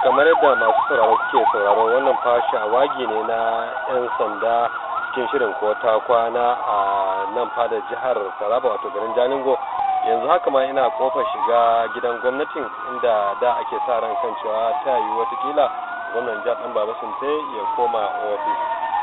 kamar yadda masu sauraro suke sauraro wannan fasha wage ne na 'yan sanda cikin shirin ko ta kwana a nan fada jihar taraba wato garin jalingo yanzu haka ma ina kofar shiga gidan gwamnatin inda da ake sa ran kan cewa ta yi watakila gwamnan jihar ɗan baba sun ya koma ofis